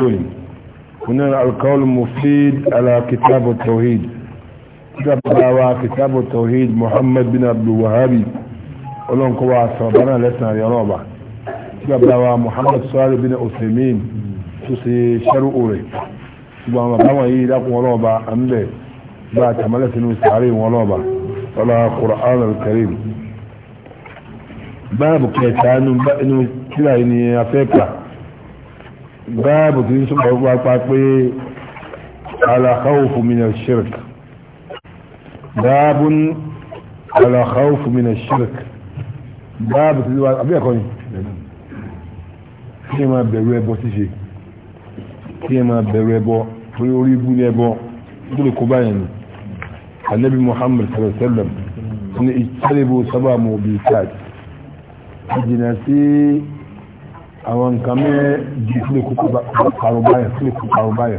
السني هنا القول المفيد على كتاب التوحيد كتاب التوحيد محمد بن عبد الوهاب ọlọ́run kọ́ wa sọ̀rọ̀ náà lẹ́sìn àrí ọlọ́ọ̀bà tí bàbá wa muhammad sọ́ọ́rì bin ọ̀sẹ̀mìn tó ṣe ṣẹ́rù òrè ṣùgbọ́n àwọn bàbá wọ̀nyí dákun ọlọ́ọ̀bà à ń bẹ̀ bá a tàmálẹ̀ sínú sàárè wọn ọlọ́ọ̀bà ọlọ́ Qur'an al báàbù kẹta inú tíra yìí ni afẹ́kà báàbù tí ń sọ́pọ̀ pápá pé alàkáwòfù mi nà ṣírk báàbù alàkáwòfù mi nà ṣírk báàbù tí wà àbí ẹ̀kọ́ ni kí ẹ máa bẹ̀rù ẹbọ ṣíṣe kí ẹ máa bẹ̀rù ẹbọ torí orí ibú ní ẹbọ tó kó báyìí ni anabi muhammad sallallahu alaihi wasallam ni ìtàlẹ́bù sábà mọ̀ bí káàkiri àwọn nǹkan mẹ́rẹ́ di sílé kúkú parọ́ báyà sílé kúkú parọ́ báyà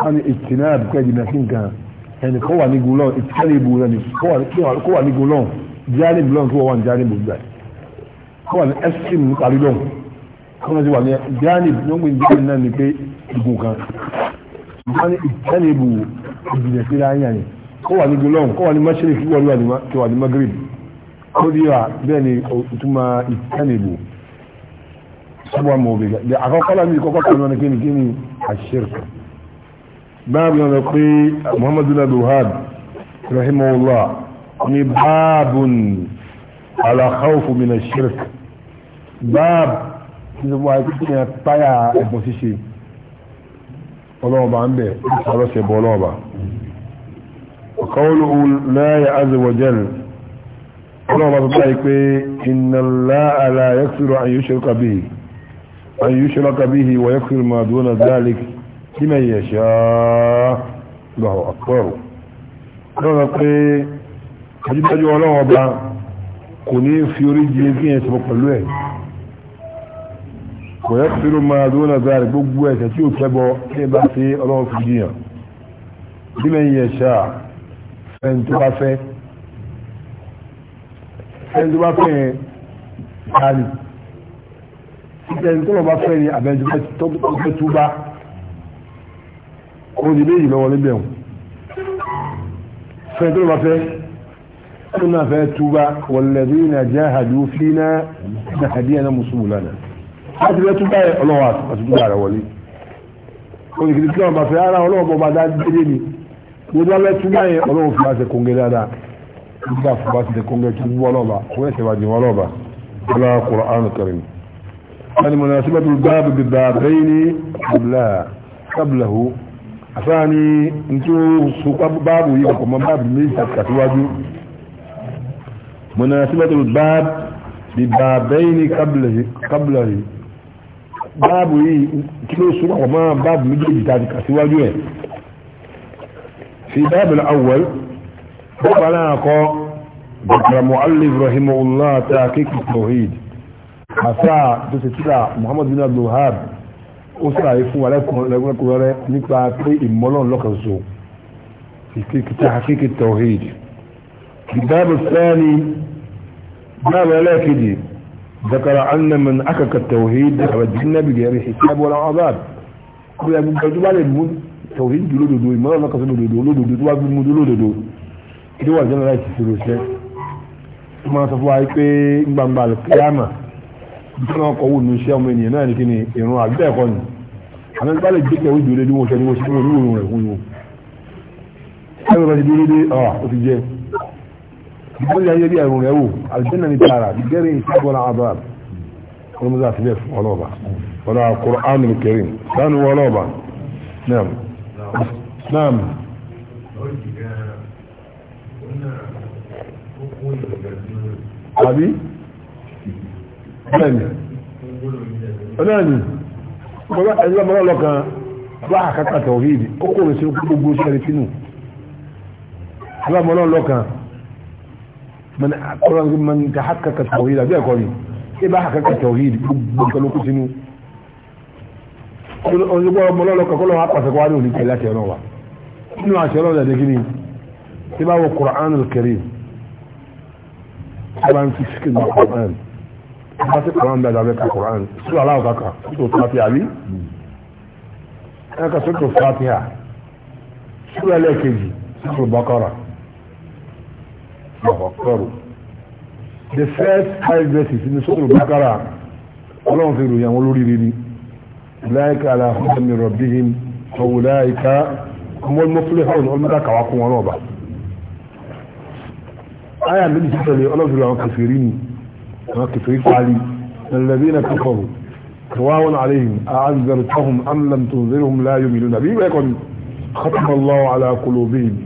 wọ́n ní ìtìná àbúkọ́ ẹ̀jìnà sí nǹkan ẹni kọ́ wà ní gulọ́ ìtìká ní ibù rẹ̀ ni kọ́ wà ní gulọ́ jáde bulọ́ kí wọ́n wà ní jáde bù gbà kọ́ wà ní ẹ́sìkìm ní parí wà ní jáde ní wọ́n náà ni pé ìgùn kan wọ́n ní ìtìká ní ibù sí ráyà ni kọ́ wà ní gulọ́ kọ́ wà ní mashrik kí magrib kó dí wà bẹ́ẹ̀ ni sábà mọ̀ òbí gẹ̀ àkọ́kọ́ lámì kọ́kọ́ kan wọn kíni kíni àṣírk báàbù náà pé muhammadu bin abdulhad rahimahullah ni báàbùn alakawfu min àṣírk báàbù tí ó wáyé kí ni táyà ẹ̀bùn ṣíṣe ọlọ́ọ̀bà ń bẹ̀ ọlọ́sẹ̀ bọ́ ọlọ́ọ̀bà قوله لا عز وجل الله رب العالمين إن الله لا يكفر أن يشرك به أن يشرك به ويكفر ما دون ذلك لمن يشاء له أكبر lọ́nà pé ajídájú ọlọ́wọ́ ọba kò ní fi orí jí kí ẹ̀ sọ pẹ̀lú ẹ̀ kò yẹ kí ló máa dúró náà dáre gbogbo ẹ̀ṣẹ̀ tí ó kẹ́bọ kí ẹ fi ọlọ́wọ́ fi jiyàn bí mẹ́yìn ẹ̀ṣà fẹ́ni tó bá fẹ́ fẹ́ni tó bá fẹ́ ìtẹ̀yìn tó lọ bá fẹ́ ni àbẹ̀jù fẹ́ tú bá kò ní méjì lọ́wọ́ níbẹ̀ wọn fẹ́ tó lọ bá fẹ́ tó náà fẹ́ tú bá wọ̀lẹ́bí na jẹ́ àjò fi náà na àdíyà na musulmù lánàá láti fẹ́ tú bá yẹ ọlọ́wọ́ àti tú bá rẹ̀ wọlé kò ní kìí tí wọ́n bá fẹ́ ara ọlọ́wọ́ bọ́ bá dá dédé ni gbogbo alẹ́ tú bá yẹ ọlọ́wọ́ fi láti kóńgé dáadáa nígbà fún bá ti tẹ kóńgé tú bú ọlọ́ba kó ẹ̀sẹ̀ المناسبة الباب بالبابين قبلها قبله أفاني انتو سوق باب ويقوم باب ليس كتواجه مناسبة الباب بالبابين قبله قبله báàbù yìí kí ló súnmọ́ ọmọ báàbù méjèèjì tàbí kàsíwájú ẹ̀ fi báàbù awwal bọ́ọ̀bù aláàkọ́ bàtàrà mọ́ alif rahimahullah ta kéèkì tawhid àfà tó ṣe tíra Muhammad bin Abdul Wahab ó sàlàyé fún wa lẹ́kùnrin rẹ nípa pé ìmọ́lọ́n lọ́kàn so ìkékìtà akéèké tawhid ìdáàbò sáni dáàbò ẹlẹ́ẹ̀kejì zakara annaman akaka tawhid dáàbò jinabi gẹ̀rẹ́ ìṣàbọ̀ ọ̀la ọ̀bàb kó yẹ gbogbo tó bá lè mú tawhid dúró dodo ìmọ́lọ́n lọ́kàn so dodo olódodo tó bá fi mú dúró dodo ìdíwà jẹ́nẹ́rà ìṣiṣẹ́ lọ́sẹ̀ tó máa sọ fún wa pé gbangba kíámà nítorí wọn kọ wù ní iṣẹ́ ọmọ ènìyàn náà ní kí ni ìrún àgbẹ̀ ẹ̀kọ́ ni àmì bá lè gbẹ́kẹ̀ wí dúró ní wọ́n ṣẹ́ni wọ́n ṣe wọ́n wọ́n rẹ̀ wọ́n yóò ẹ̀rọ bá ti dúró dé ọ̀rà ah, ó ti jẹ́ ìgbọ́n yà yẹ bí ẹ̀rùn rẹ̀ wò àlùjẹ́nà bẹ́ẹ̀ni ọlọ́ọ̀ni ọgbọ́n ẹ̀lọ́mọ́lọ́ lọ́kan bá àkàkà tọ̀hìdì ó kò rẹ̀ sí gbogbo sẹ́rẹ̀ sínú ẹ̀lọ́mọ́lọ́ lọ́kan mọ̀nà àkọ́rọ̀ mọ̀nà ta àkàkà tọ̀hìdì àbí ẹ̀kọ́ ni ẹ bá àkàkà tọ̀hìdì gbogbo nǹkan lókù sínú ọjọ́gbọ́n ọmọlọ́ lọ́kan kọ́ lọ́wọ́ apàṣẹ kọ́wá ní òní tẹ̀lé àti ẹ̀rọ nínú àti ẹ̀rọ bá sí koran bẹ́ẹ̀ lábẹ́ ka koran sí aláwọ̀ kaka sọ́tò fatiha bí ẹ̀ka sọ́tò fatiha sọ́tò ẹlẹ́ẹ̀kejì sọ́tò bakara lọ́kọ̀ kọ́rù the first five verses ní sọ́tò bakara ọlọ́run fi ròyìn àwọn olórí rírí láìka aláhùn mi rọ̀bíhìm tọ́wọ́ láìka ọmọ mọ́fúlẹ̀ hàn ọlọ́mọdá kàwá kún wọn náà bá. aya méjì ọlọ́run fi ròyìn àwọn kẹfẹ́ rí ni ما كفريق علي الذين كفروا سواء عليهم أأنذرتهم أم لم تنذرهم لا يؤمنون به ويكون ختم الله على قلوبهم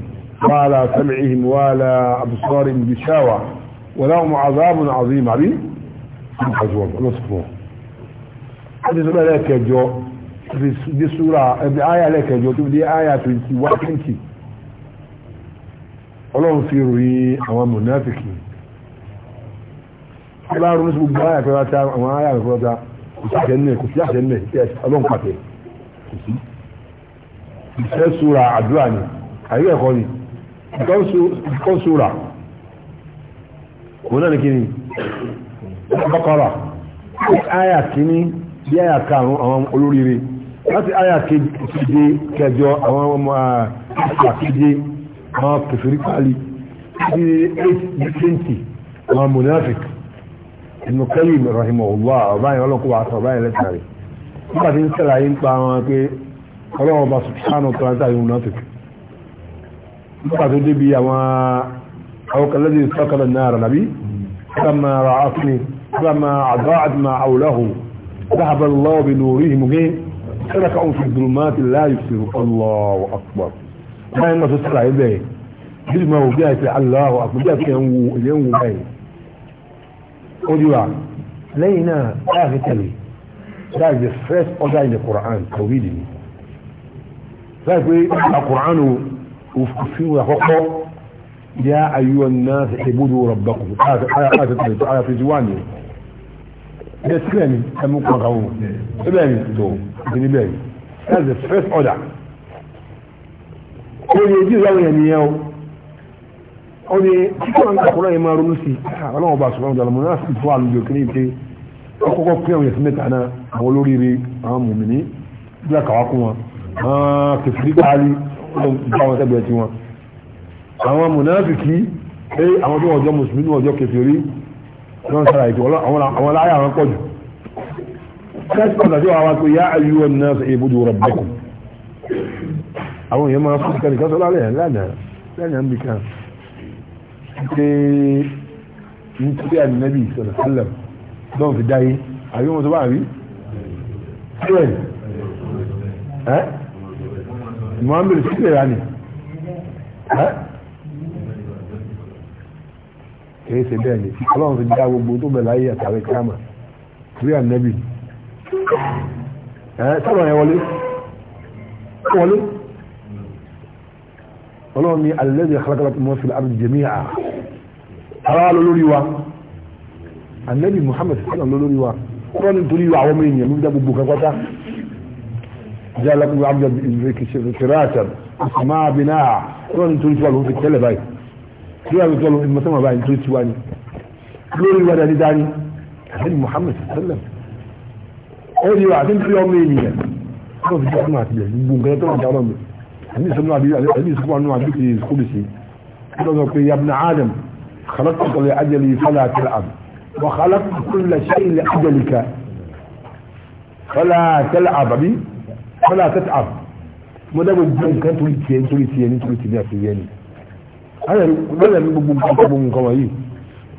وعلى سمعهم وعلى أبصارهم بشاوة ولهم عذاب عظيم عليه حزوان الله سبحانه هذه سورة لك يا جو دي سورة بآية لك يا جو دي آية 21 ọlọ́run fi ròyìn àwọn mùnáfíkì ẹ bá ronú sí gbogbo àwọn àyàfẹ́ wa ta àwọn àyàfẹ́ wa ta kò sí àṣẹ nílẹ̀ kò sí àṣẹ nílẹ̀ kí ẹsẹ̀ ọlọ́run pàtẹ kò sí. ìfẹ́ sura àdúrà ni àyè ẹ̀kọ́ ni ìkọ́ sura òun náà ni kí ni Baqara àyà kìíní bí àyà karùn-ún àwọn olóríire láti àyà keje kẹjọ àwọn ọmọ àkéje àwọn kẹfìrí pálí bí 8 20 àwọn monafik Ibn Qayyim rahimahullah ọba yẹn ọlọ́kọ̀ wà sọ ọba yẹn lẹ́tàrí nígbà tí ń sẹ́ra yín pa wọn pé ọlọ́wọ́ bá subhanahu wa ta'ala yìí náà tètè nígbà tó débi àwọn ọkọ̀lẹ́dì sọ́kọ̀lẹ̀ náà rà nàbí sọ́mà rà áfínì sọ́mà àdáàdì máa àwòláhù dáhàbà lọ́wọ́ bí lórí ìmúgé sẹ́ra káwọn fi dùrùmáàtì láàyè sí Allahu akbar báyìí nígbà tó sẹ́ra oríwà lẹ́yìn náà láàrin tẹ̀lé that is the first order in the Quran tawhid ni láì pé a Quran òfin àkọ́kọ́ yá ayúwa náà ṣe ibùdó rabbakum ayàtọ̀ tẹ̀lé tó ayàtọ̀ ti wà ní ẹ̀ sílẹ̀ ni ẹmú kankan wọn ẹbẹ̀ ni tó ìdílé bẹ́ẹ̀ ni that is the first order. Oye ojú ìyàwó yẹn nìyẹn o ó ní àwọn akọ̀rọ̀ yẹn máa ronú sí ọlọ́wọ́ bá sọ̀rọ̀ ọ̀dọ̀ lọ́mọdé láti fún àlùjọ kí ní ìpè ọkọ̀kọ̀ pé àwọn ẹ̀sìn mẹ́ta náà àwọn olóríire àwọn mùmìnì bí àkàwá kún wọn àwọn kẹfìrí káàlì bá wọn sẹ́gbẹ̀ẹ́ tí wọn àwọn mùnáfìkì pé àwọn tó ọjọ́ mùsùlùmí ọjọ́ kẹfìrí wọn sára ìtò àwọn láyà àwọn pọ̀ jù kẹ́sì pàtàkì tí wọ́n wá pé yá ayú ẹ̀ náà ṣe ibùdó rẹ̀ bẹ́kù àwọn èèyàn máa fún kẹ́nìkan sọ́lá lẹ́yìn lánàá lẹ́yìn àmbìkan pé nítorí ànábì sọ̀rọ̀ sálẹ̀ lọ́wọ́ fi dáyé àbí wọn tó bá rí sílẹ̀ ẹ́ muhammed sílẹ̀ rà ní ẹ́ kìí ṣe bẹ́ẹ̀ ni ọlọ́run fi dá gbogbo tó bẹ̀rẹ̀ láyé àtàrí kíámà torí ànábì ẹ́ sọ̀rọ̀ yẹn wọlé wọlé. ولوني الذي خلق لكم في الارض جميعا قالوا له ريوا النبي محمد صلى الله عليه وسلم قال انت ريوا ومين من ابو بكر قطا جاء لكم عبد الملك شفرات اسماء بناء قال انت ريوا في التلفاي قال انت ريوا ما سمع باين انت ريوا قال ريوا داني داني النبي محمد صلى الله عليه وسلم قال ريوا انت ريوا مين يا قال في جماعه اللي بنقول لك ẹni ìsìnkú àwọn àbí ti kúrò sí lọ́dọ̀ pé yabna adam خلقتك لأجلي فلا تلعب وخلقت كل شيء لأجلك فلا تلعب بي فلا تتعب mo dábò gbọ́n nǹkan torí tiẹ̀ nítorí tiẹ̀ nítorí tiẹ̀ àti ìyẹn ni ayọ̀ lọ́lẹ̀ mi gbogbo nǹkan gbogbo nǹkan wọ̀nyí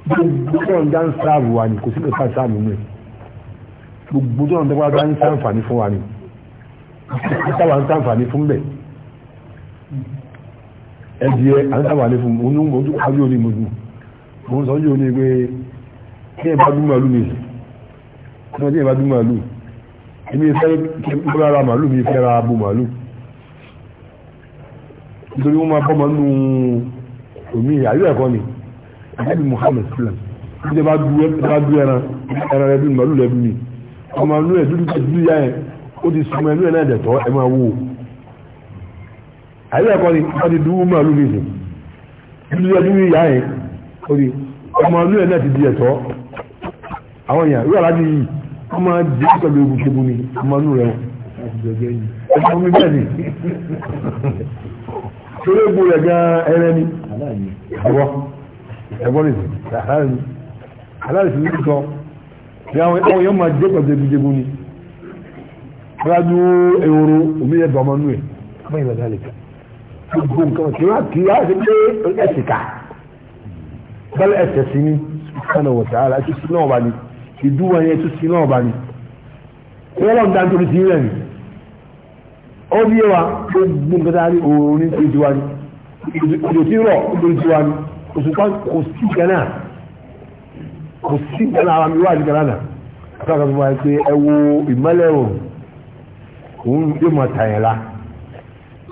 gbogbo tó ń dá ń sáàbù wa ni kò sí nǹkan sáàbù mi gbogbo tó ń dá ń sáàǹfààní fún wa ni kò sí nǹkan sáàbù wa ń sáàǹfààní fún bẹ́ẹ̀ ẹdìẹ àtàwàlẹ fún un onímọ̀ ojú kájú òní mọ̀jú mo ń sọ ojú òní pé kí ẹ bá dún màálù mi kí wọ́n tí ẹ bá dún màálù èmi fẹ́ kí n bá ra màálù mi fẹ́ ra abo màálù nítorí wọ́n máa bọ́ mọ́ nù omi àyè ẹ̀kọ́ ni àbí Muhammad sallam ní bá du ẹran ẹran rẹ bí màálù rẹ bí mi ọmọ inú ẹ dúdú ti dúdú yá ẹ ó ti sọmọ inú ẹ náà dẹ̀tọ́ ẹ máa wò ó àyè ẹ̀kọ́ ni wọ́n ti dúró mọ́ lórí ìsìn ìdúró ẹdúró ìyá yẹn orí ọmọ ọdún ẹ̀ náà ti di ẹ̀tọ́ àwọn èèyàn wíwà láti yìí wọ́n máa jẹ́ pẹ̀lú egun kébù ni ọmọ ọdún rẹ̀ wọ́n ọmọ mi bẹ́ẹ̀ ni torí egbò rẹ̀ gan ẹrẹ́ ni ẹ̀wọ́ ẹ̀wọ́ ni aláìsí ní sọ ní àwọn èèyàn máa jẹ́ pẹ̀lú egun kébù ni wọ́n á dúró ehoro omi yẹ bàmọ́ nù ẹ̀ mọ́ ìlànà àlèkà gbogbo nǹkan tí wọ́n kì í á ṣe pé ẹ̀sìkà bẹ́lẹ̀ ẹ̀sẹ̀ sí ní ṣùgbọ́n ọ̀tá ara ṣe sí náà bá ní ìdúwọ̀ yẹn tó sí náà bá ní wọ́n lọ́n dá nítorí sí rẹ̀ ní ó bí wa gbogbo nǹkan tá a rí òòrùn ní ojú wa ní òjò tí rọ̀ ojú wa ní òṣùpá kò sí gánà kò sí gánà ara mi wà ní gánà náà káàkiri wọn pé ẹ wo ìmọ́lẹ̀ òòrùn òun yóò mọ̀ tàyẹ̀ la.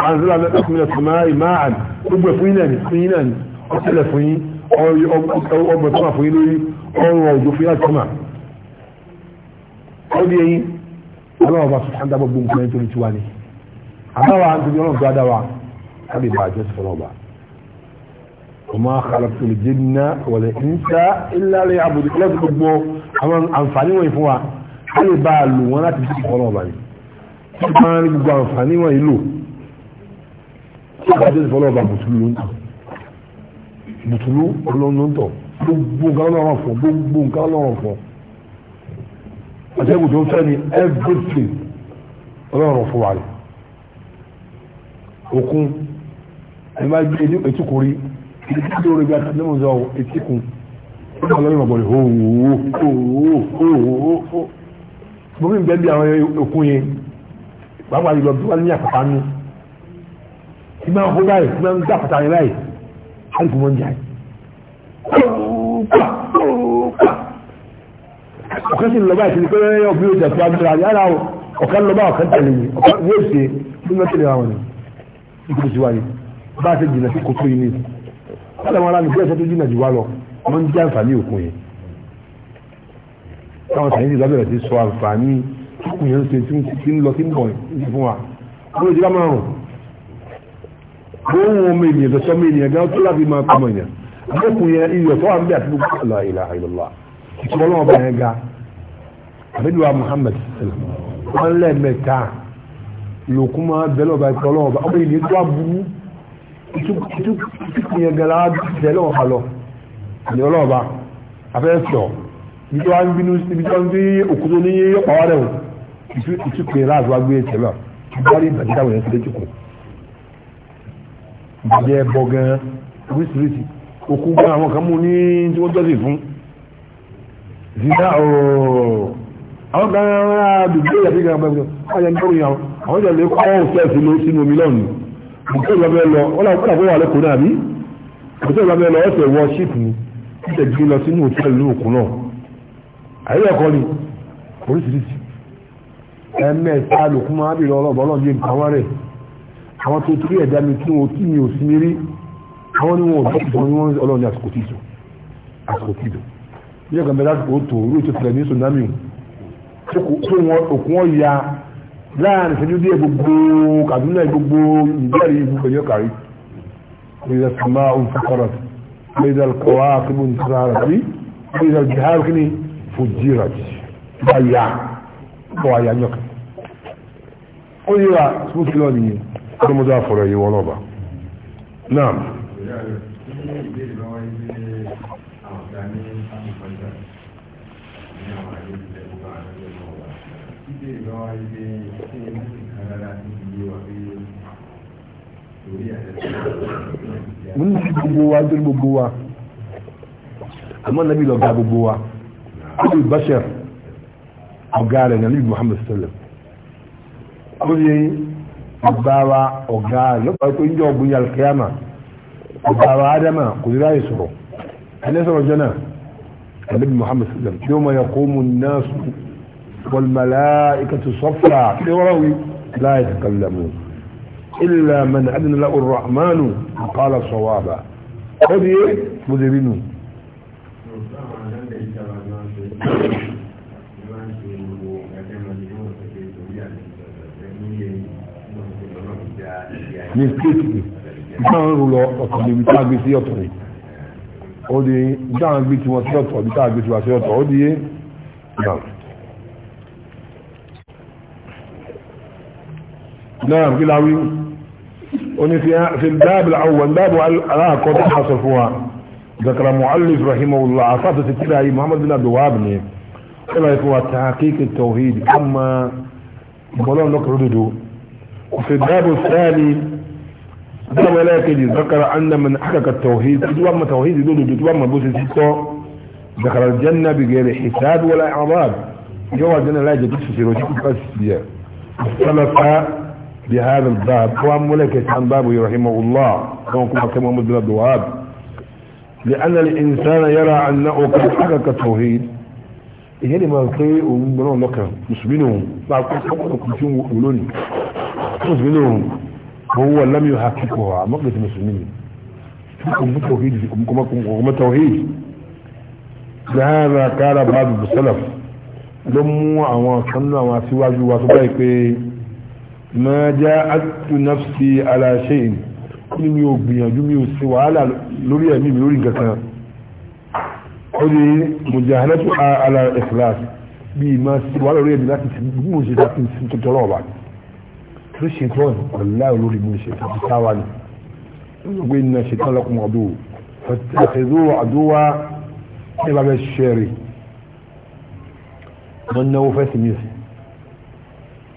àzílà mẹ́tàkùnlẹ̀ sọmáàrì máa gbogbo fún ilẹ̀ ní fún ilẹ̀ ní ọ̀tẹ́lẹ̀ fún yí ọgbẹ̀ tó máa fún yí lórí ọrùn ọjọ́ fún yá tọ́mà ó di eyín aláwọ̀ bá sọ̀tàn dábọ̀ gbogbo nǹkan nítorí tiwa ni àbáwá nítorí ọlọ́run tó adáwa kábí bá àjọ sí fọlọ́ba ọmọ àkàlàtò lè jẹ́ nínú wọ̀lẹ̀ níta ká lè bá a lò ìbájú ìfọlọ́ ọba bùtùlù ló ń tọ̀ bùtùlù ọlọ́run ń tọ̀ gbogbo nǹkan lọ́rọ̀ fọ̀ gbogbo nǹkan lọ́rọ̀ fọ̀ àtẹ́gùn tó ń fẹ́ ni everything ọlọ́run fún wa rẹ̀ òkun ẹ bá gbé etíkùn rí ìdíjú orí bí atẹ́lẹ́mọ̀ sọ etíkùn ọlọ́run ọ̀bọ̀lẹ̀ hóòwò hóòwò hóòwò hóòwò bómi bẹ́ẹ̀ bí àwọn òkun yẹn pàápàá yìí lọ bí wọ́n ní tí máa ń hó báyìí tí máa ń gbà pàtàkì báyìí àìkú mọ́ ń jà ọ̀kan sì lọ báyìí sí pé ọ̀bí ó jẹ̀tọ́ agbára ní ara ọ̀kan lọ bá ọ̀kan tẹ̀lé yìí ọ̀kan yóò ṣe tí wọ́n tẹ̀lé àwọn ìkú sí wáyé bá a ṣe jìnà sí kòtò yìí nìyí wọ́n làwọn aráàlú bí ẹ̀sẹ̀ tó jìnà jù wá lọ wọ́n ń jẹ́ àǹfààní òkun yẹn táwọn sàyẹ́ńsì lábẹ́rẹ̀ ti sọ àǹfààní kíkùn yẹn ń ṣe tí ń lọ sí ń bọ̀ fún wa wọ́n lè jẹ́ gbóhùn ọmọ ènìyàn tọ́sọ́ ọmọ ènìyàn gan tó láti máa kọ́ ọmọ ènìyàn àbẹ́kùn yẹn iyọ̀ tó wà ń bẹ àti gbogbo àlọ́ ìlà ìlọ́lá ìtọ́lọ́ ọba yẹn ga àbẹ́dùwà Muhammad wọn lẹ́ẹ̀mẹ́ta lòkùn máa bẹ̀rẹ̀ ọba ìtọ́lọ́ ọba ọmọ ènìyàn tó wà burú ìtúkùn yẹn gan lára bẹ̀rẹ̀ ọba lọ ìlọ́lọ́ ọba abẹ́fẹ́ ibi tí wọ́n bínú ibi tí wọ́n bí òkúto ní yọ́pàá wá rẹ̀ o ìtúkùn yẹn láàzọ́ agbé ẹ̀tẹ̀ lọ jẹ́ bọ́ gan oríṣiríṣi òkú gan àwọn kan mú ní tí wọ́n jọ́sìn fún zina ooo àwọn kan rárá dùgbò ìyàbí gan bẹ́ẹ̀ bẹ́ẹ̀ wọ́n yẹ ní orí àwọn àwọn ìjọ lè kọ́ òṣèlú lọ sínú omi lọ́nù òkú ìjọba bẹ́ẹ̀ lọ wọ́n làwọn kọ́nà wà lẹ́kọ̀ọ́ náà bí òkú ìjọba bẹ́ẹ̀ lọ ọ̀sẹ̀ wọ ṣíìpù ní àwọn tó torí ẹ̀dá mi tí wọn tí mi ò sí mi rí àwọn ni wọn ò bọ́ọ̀tì wọn ni wọn ọlọ́run ní àsìkò tìjọ àsìkò tìjọ ní ọ̀gá mẹ́ta tó tó orí ètò ìfẹ̀lẹ̀ ní tsunami tó wọn òkun wọn ya láàrin ìṣẹ́jú díẹ̀ gbogbo Kaduna gbogbo ìbẹ̀rẹ̀ ìlú pẹ̀lú ọ̀kàrí ìrẹsì sàmà òǹfàkọ̀rọ̀ ìrẹsì kọ̀wá kébù ntàrà sí ìrẹsì jihar kìíní fòjìrà báyà bọ̀ àyà nyọ̀kẹ́ ó yíra smooth ọdún mọ́tò àfọ̀rọ̀ yìí wọ́n ọba náà. mo ní gbogbo wa dúró gbogbo wa àmọ́ nàbí lọ́ga gbogbo wa abu bashir ọ̀gá rẹ̀ nàbí muhammad sallam. ọgbàwa ọ̀gá lọ́pàá tó ń jẹ́ ọ̀gbìn yàrá kíámà ọgbàwa ádámà kò ní ráyè sọ̀rọ̀ ẹni sọ̀rọ̀ jẹ́ náà ẹ̀lẹ́bí muhammed sallam tí ó máa yẹ kó mu náà sùn wàlmàlá ìkàtù sọ́fà tí wọ́n ráwí láyé takàlámù ilà mẹ́ni adìnnàlá ọ̀rọ̀hámánu àkàlà sọ̀wáàbà ó di é mo dèbí nù. ní stéètì ìtàn ń lọ ọ̀tọ̀ ní ibi tá a gbé sí ọ̀tọ̀ rẹ̀ ó di ìtàn gbé tí wọ́n sí ọ̀tọ̀ ibi tá a gbé tí wọ́n sí ọ̀tọ̀ ó di yé náà. náà kí la wí ó ní fi dáàbì àwọn dáàbì aláàkọ́ tó fún wa ذكر مؤلف رحمه الله عصابة التلاعي محمد بن عبد الوهاب كما هو تحقيق التوحيد كما بلون لك ردده وفي الباب الثاني dáwọn ẹlẹ́ẹ̀kejì zakara annaman akaka tawhid tó wà ma tawhid lódodo tó wà ma bó ṣe ti tọ́ zakara janna bi gẹ̀rẹ̀ hisab wala arab yóò wà janna láì jẹ́ tó ṣiṣẹ́ rọ̀ tó kọ́ sí yẹ sálàfà bi hada bab tó wà mọ́lẹ̀ kẹsàn báàbù rahimahullah kan kuma kẹ́ muhammad bin abdulwahab لأن الإنسان يرى أنه قد حقق التوحيد ìyẹn lè máa pé òun gbọ́nà lọ́kàn mùsùlùmí lòun láàpọ̀ ọkùnrin tí ó wò lónìí mùsùlùmí lòun هو لم يحققها مقلة المسلمين فيكم بالتوحيد فيكم كما كما توحيد لهذا قال بعض السلف لم وصلنا وسواج وسبايك ما جاءت نفسي على شيء كل يوم بيجوم يسوى على لوري أمي لوري كذا قولي مجاهلة على إخلاص بما سوى لوري أمي لكن مش لكن بعد tó ṣe tán ọ̀lá olórí mi ṣe tàbí táwa ni gbogbo iná ṣe tán lọ́kùn ọdún àtẹ̀dó àdúwà ní bá fẹ́ ṣe rè wọ́n náwó fẹ́ sí mi sí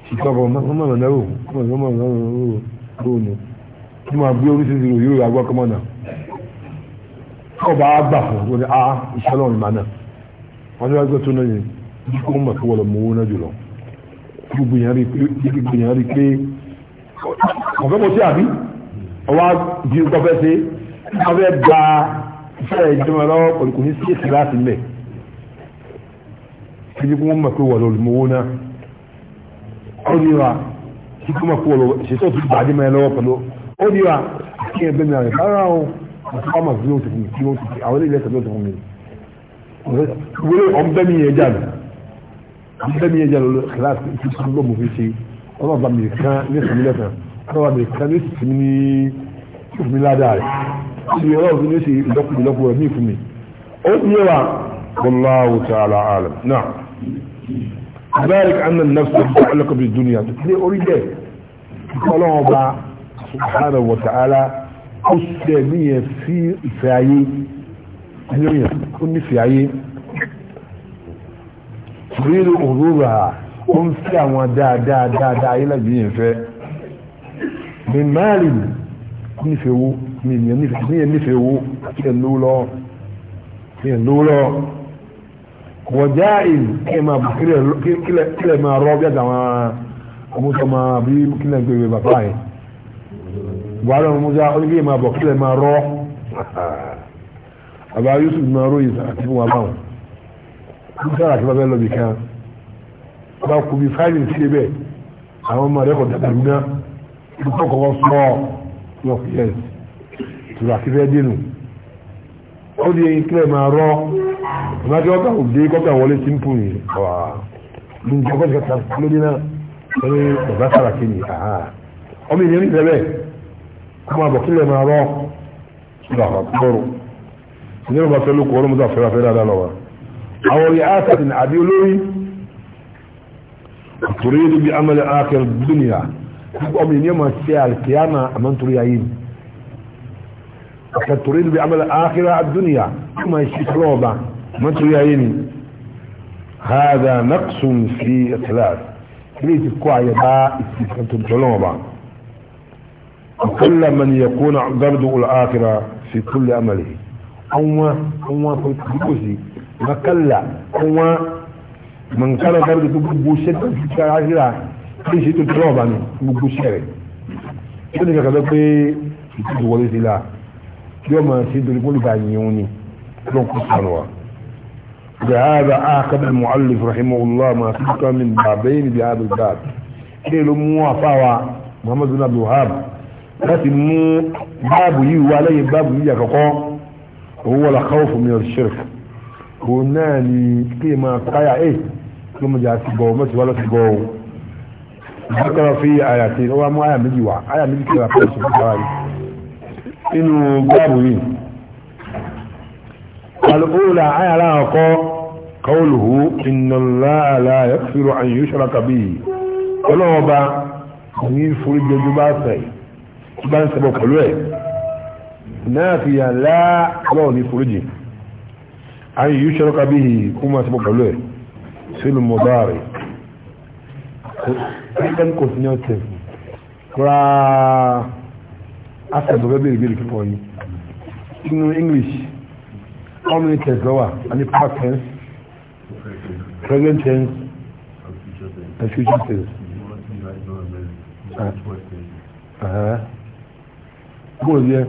ṣìkọ́ bọ̀ wọ́n mọ̀ náwó wọ́n mọ̀ náwó lóò ní kí máa gbé oríṣiríṣi rò yóò yàgbọ́ kọ́mọ́ náà ọba àgbà fún wọn ah, ni a ìṣẹ́lọ́run máa náà wọ́n ní wọ́n gbé tó náà yẹn kí kò mọ̀ tó wọ́n lọ mọ̀ owó náà jùlọ gbogbo yẹn rí pé ọ̀fẹ́ mo ti àbí ọwá di ọfẹ́ sí ọfẹ́ gba ìfẹ́ ìjọba lọ́wọ́ pẹ̀lú kò ní sí èsì láti lẹ̀ kíbi kí wọ́n mọ̀ pé wọ̀ lọ́lùmọ́wó náà ó ní wa kí wọ́n mọ̀ pé wọ̀ lọ́wọ́ ṣètò tó gbàdé mọ́ ẹ lọ́wọ́ pẹ̀lú ó ní wa kí o àti wọ́n mọ̀ sí lóòótọ́ fún mi kí lóòótọ́ àwọn ilé ìlẹ́sẹ̀ lóòótọ́ bẹ́ẹ̀ni yẹn jẹ́lu kíláàsì tí tí ló mú fi ṣe ọlọ́run bá mi kan ní ìsinmi lẹ́sàn ọlọ́run bá mi kan ní ìsinmi ní ìsinmi ládàá rẹ̀ ìsinmi ọlọ́run fi ní ṣe ìlọ́kùn ìlọ́kùn rẹ̀ ní mi. ó ti wa wallahu ta'ala alam náà ذلك أن النفس تتعلق بالدنيا ليه أريد ọlọ́run ọba ṣùgbọ́n wọ̀tàálá ó ṣẹ̀mí yẹn sí ìfẹ́ ayé ẹni yẹn ó nífẹ̀ẹ́ torí òrórà ó ń fi àwọn dáadáa dáadáa ayélujára yẹn fẹ́ mi máàlì nífẹ̀ẹ́ wo mi yẹn nífẹ̀ẹ́ wo kí ẹ̀ lówó lọ kí ẹ̀ lówó lọ wọ̀já ìlú kí ẹ̀ máa bù kí ẹ̀ máa rọ́ bí àtàwọn ọmọọmọ àbí kí ẹ̀ gbèrè bàbá yẹn wàhálà ọmọdé oníkèé máa bọ̀ kí ẹ̀ máa rọ́ àbá Yusuf máa ròyìn àti fún wa báwọn ní sọ́ra tí wọ́n fẹ́ lọ bì kan ọba kò bí fáìlì sí ibẹ̀ àwọn ọmọ rẹ̀ kò dàgbà náà ìdúkọ́ kọ́kọ́ sọ wọn fi yẹn tura kí fẹ́ dénú ó di eyín kílẹ̀ máa rọ ọba tí wọ́n kà òde kọ́kà wọlé símpù yìí wà ní ìjọba ìjọba lóde náà lórí bàbá Sàràkí ni ọmọ ìyẹn ní ìfẹ́ bẹ́ẹ̀ kó máa bọ̀ kílẹ̀ máa rọ ìlànà kúrò ìyẹn bàbá fẹ́ lóko ọlọ́mọdé àfẹ́rẹ́fẹ́ dáadáa lọ́wọ́. او رئاسة عبي لوي تريد بعمل اخر الدنيا تبقى من يوم الساعة القيامة امان تريعين تريد بعمل اخر الدنيا ثم يشتروبا امان تريعين هذا نقص في اخلاص ليه تبقوا عيباء تبقوا كل من يكون قرده الاخرة في كل امله اما اما في makalla kuma man kana bar da gbogbo shekar fitar ahira kí ṣe tuntun náà bá ní gbogbo ṣẹrẹ tó ní kankan lọ pé ìtútù wọlé sí la yóò máa ṣe nítorí pé olùkọ́ àyìn òun ni ló ń kó sànù wa. بهذا عاقب المؤلف رحمه الله ما سبق من بابين بهذا الباب ilé ló mú àfáwà muhammad bin abdul wahab láti mú báàbù yìí wá lẹ́yìn báàbù yìí àkọ́kọ́ òun wọ́n la káwọ́ fún mi òun náà ni kí ẹ máa káyà ẹ ló mọ̀jà ti bọ̀ ọmọ ti wá lọ́ti bọ̀ ọ́ ìbákẹ́rọ fi àyà ti ọwọ́ mú àyà méjì wá àyà méjì kí ẹ pẹ́ sọ fún ara rẹ̀ nínú gbáàbù yìí àyà ìnàlá àlà àyè kàbí ní bá bá ń pẹ̀lú ẹ̀ náà أي يشرك به كما سبق له في المضارع كان كوسنيوت كرا أصلا بغير بير في قوي إنه إنجليش how many tense lower any past tense present tense and future tense Uh-huh. Good, yeah.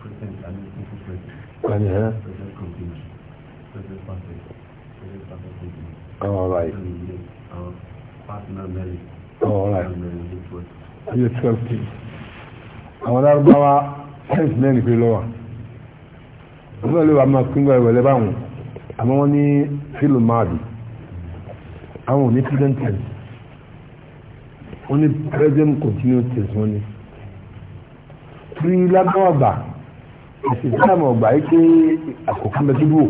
Present and future tense. Uh-huh. Oh, all right. Uh, our partner married. Oh, all right. Iye twelve team. Àwọn Lárúbáwá health men fi lọ́wọ́. Wọ́n lè wà máa kí wọ́n wẹ̀lẹ́ báwọn. Àmọ́ wọ́n ní fílù máa bì. Àwọn ò ní present tense. Wọ́n ní present continuous tense wọ́n ní. Tí lágbọ́n ọ̀gbà, ẹ̀sìn tí àmọ̀ ọ̀gbà yìí pé àkókò mẹ́tíbù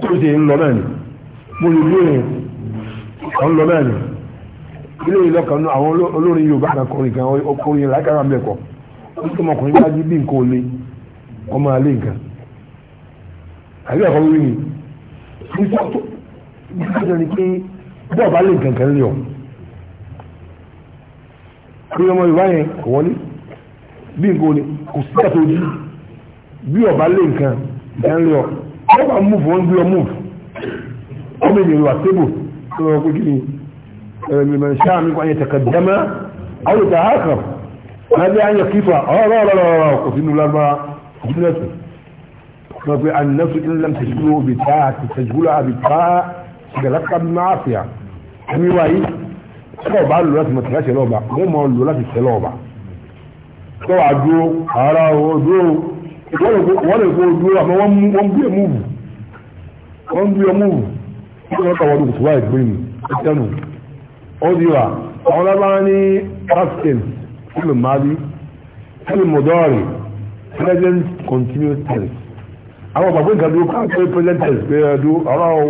tó ṣe ń lọ náà ni mo lè lé ẹ̀ ọ̀ ń lọ náà ni ilé ìlọ́kàn náà àwọn olórin Yorùbá kan kọrin kan ọkùnrin yẹn láìka ó tó ọmọkùnrin bá bí nǹkan ò le ọmọ alẹ́ nǹkan àbí ẹ̀kọ́ wí ni nígbà tó nígbà ni pé bọ́ọ̀ bá lè kankan lé ọ pé ọmọ Yorùbá yẹn kò wọlé bí nǹkan ò le kò sí àtòjú bí ọba lè nǹkan kan lé ọ wọ́n bá múfù wọ́n gbé ọ múfù ọmọ ènìyàn wà tébù tó wọ́n pé kí ni ẹ̀rẹ̀mìmọ̀ sáà mi kọ́ ayẹ tẹ̀kẹ̀dẹ́mẹ́ àwọn ìta àkàrà lábẹ́ ayẹ kífà ọ̀rọ̀rọ̀rọ̀ kò sínú lágbára ìdílẹ̀tù wọ́n pe ànínẹ́sù ilẹ̀ tẹ̀síwò bìtá àti tẹ̀síwò àbìtá ìgbàlákà máfíà ẹ̀mí wáyé ẹ̀kọ́ bá lò láti wọ́n lè fọ́ ojú àmọ́ wọ́n gbé múùbù wọ́n gbé múùbù wọ́n lọ́ta wọ́n lùkùtù wáyé gbé mi ẹ̀tẹ́nu ọdíwà àwọn lábára ní pastels sílùm mali sílùm mọ̀dọ́rì present continuous tense àwọn bàbá ìgbà tó kọ́ àpẹẹrẹ present tense pé ẹ̀dú ọ̀rọ̀ o